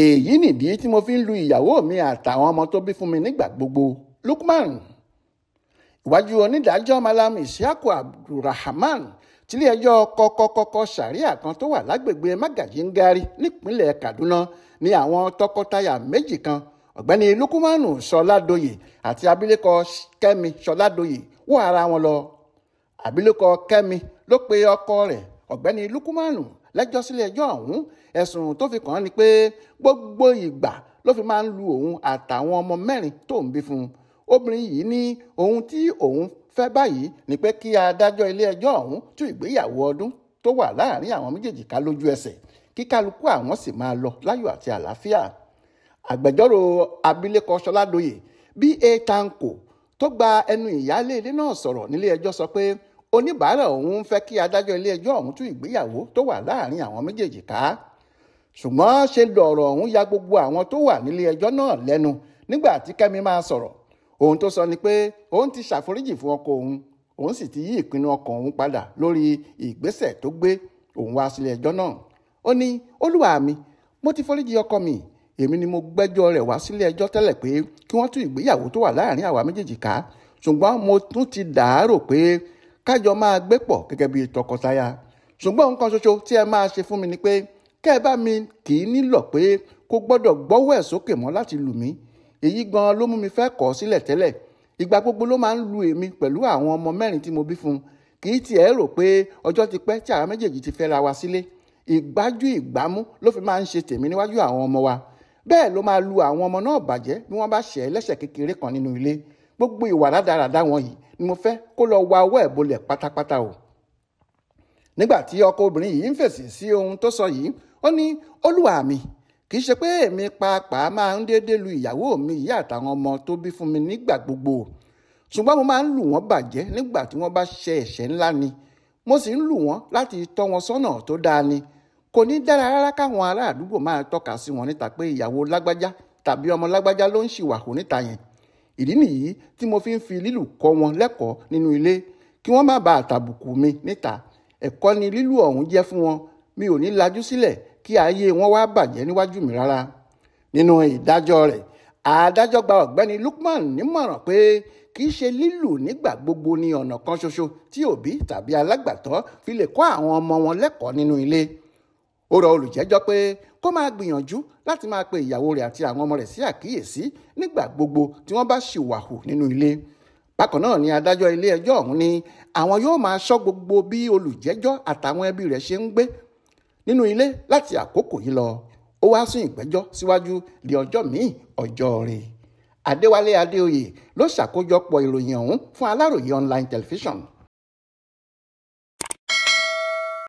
èyí nìdí tí mo fi ń lu ìyàwó mi àtàwọn ọmọ tó bí fún mi nígbà gbogbo Lukman ìwájú onídàájọ́ Malam Isiaku Abdulrahman tiléẹjọ́ kọkọkọkọ sàríà kan tó wà lágbègbè Magajingari nípínlẹ̀ Kaduna ni àwọn tọkọtaya méjì kan ọ̀gbẹ́ni Lukumanu Sọládòyè àti abilékọ Kẹ́mi Sọládòyè wọ́ ara wọn lọ abilékọ Kẹ́mi ló pe ọkọ rẹ̀ ọ̀gbẹ́ni Lukumanu lẹ́jọ́ sílé ẹjọ́ ọ̀hún ẹ̀sùn tó fi kàn án ni pé gbogbo ìgbà ló fi máa ń lu òun àtàwọn ọmọ mẹ́rin tó ń bí fún un obìnrin yìí ní ohun tí òun fẹ́ báyìí ni pé kí adájọ́ ilé ẹjọ́ ọ̀hún tú ìgbéyàwó ọdún tó wà láàrin àwọn méjèèjì ká lójú ẹsẹ̀ kí kálukú àwọn sì máa lọ láyọ̀ àti àlàáfíà agbẹjọ́rò abilékọ Ṣọládòye B.A. Tanko tó gba ẹnu ìyáálé ilé náà sọ̀rọ̀ nílé ẹjọ́ sọ pé oníbàárà òun fẹ́ kí adájọ́ ilé-ẹjọ́ ọ̀hún tú ìgbéyàwó tó wà láàrin àwọn méjèèjì ká ṣùgbọ́n ṣe lọ̀rọ̀ ọ̀hún ya gbogbo àwọn tó wà nílé-ẹjọ́ náà lẹ́nu nígbà tí kẹ́mi máa sọ̀rọ̀ ohun tó sọ ni pé òun ti ṣàforíjì fún ọkọ òun òun sì ti yí ìpinnu ọkọ òun padà lórí ìgbésẹ̀ tó gbé òun wá sílé ẹjọ́ náà ó ní olúwa mi mo ti foríjì ọkọ mi èmi ni mo gbẹ́jọ́ rẹ̀ wá sílé ẹjọ́ tẹ́lẹ̀ pé kí wọ́n tú ìgbéyàwó tó wà láàrin àwa méjèèjì ká ṣùgbọ́n mo tún ti dàárò pé kájọ máa gbé pọ̀ gẹ́gẹ́ bí tọkọtaya ṣùgbọ́n nǹkan ṣoṣo tí ẹ máa ṣe fún mi ni pé kẹ́ ẹ bá mi kì í nílò pé kó gbọ́dọ̀ gbọ́wọ́ ẹ̀ sókè mọ́ láti lù mí èyí gan-an ló mú mi fẹ́ kọ̀ ọ́ sílẹ̀ tẹ́lẹ̀ ìgbà gbogbo ló máa ń lu èmi pẹ̀lú àwọn ọmọ mẹ́rin tí mo bí fún un kì í tiẹ̀ rò pé ọjọ́ ti pẹ́ tí àwọn méjèèjì ti fẹ́ra wa sílé ìgbájú ìgbámú ló fi máa ń ṣe tèmi níwájú àwọn ọmọ wa bẹ́ẹ̀ ló máa lu àwọn ọmọ náà bàjẹ́ bí wọ́n bá ṣẹ̀ lẹ́sẹ̀ kékeré kan nínú ilé gbogbo ìwà rádaràda wọn yìí ni mo fẹ́ kó lọ wa ọwọ́ ẹ̀ bolẹ̀ pátápátá o. nígbà tí ọkọ obìnrin yìí ń fèsì sí ohun tó sọ yìí ó ní olúwa mi kì í ṣe pé èmi pàápàá máa ń déédéé lu ìyàwó mi yìí àtàwọn ọmọ tó bí fún mi nígbà gbogbo ṣùgbọ́n mo máa ń lù wọ́n bàjẹ́ nígbà tí wọ́n bá ṣe ẹ̀ṣẹ̀ ńlá ni mo sì ń lù wọ́n láti tọ́ wọn sọ́nà tó dáa ni kò ní dára rárá káwọn ará àdúgbò máa tọ́ka sí wọn níta pé ìyàwó lágbájá tàbí ọmọ lágbájá ló ń ṣìwàhù níta yẹn ìdí nìyí tí mo fi ń fi lílù kọ́ wọn lẹ́kọ̀ọ́ nínú ilé kí wọ́n má bàa tàbùkù mi níta ẹ̀kọ́ ni lílù ọ̀hún jẹ́ fún wọn mi ò ní lajú sílẹ̀ kí ayé wọn wá bàjẹ́ níwájú mi rárá nínú ìdájọ́ rẹ̀ adájọ́ gba ọ̀gbẹ́ni Lukman nímọ̀ràn pé kì í ṣe lílù nígbà gbogbo ní ọ̀nà kan ṣoṣo tí òbí tàbí alágbàtọ́ fi lè kọ́ àwọn ọmọ wọn lẹ́kọ̀ọ́ nínú ilé ó rọ olùjẹ́jọ́ pé kó máa gbìyànjú láti máa pe ìyàwó rẹ̀ àti àwọn ọmọ rẹ̀ sí àkíyèsí nígbà gbogbo tí wọ́n bá ṣìwàhù nínú ilé bákan náà ni adájọ́ ilé ẹjọ́ ọ̀hún ni àwọn yóò máa ṣọ́ gbogbo bí olùjẹ́jọ́ àtàwọn ẹbí rẹ̀ ṣe ń gbé nínú ilé láti àkókò yìí lọ ó wá sún ìgbẹ́jọ́ síwájú di ọjọ́ míì ọjọ́ rẹ̀ Adéwálé Adéoyè ló ṣàkójọpọ̀ ìròyìn ọ̀hún fún Aláròyé online television.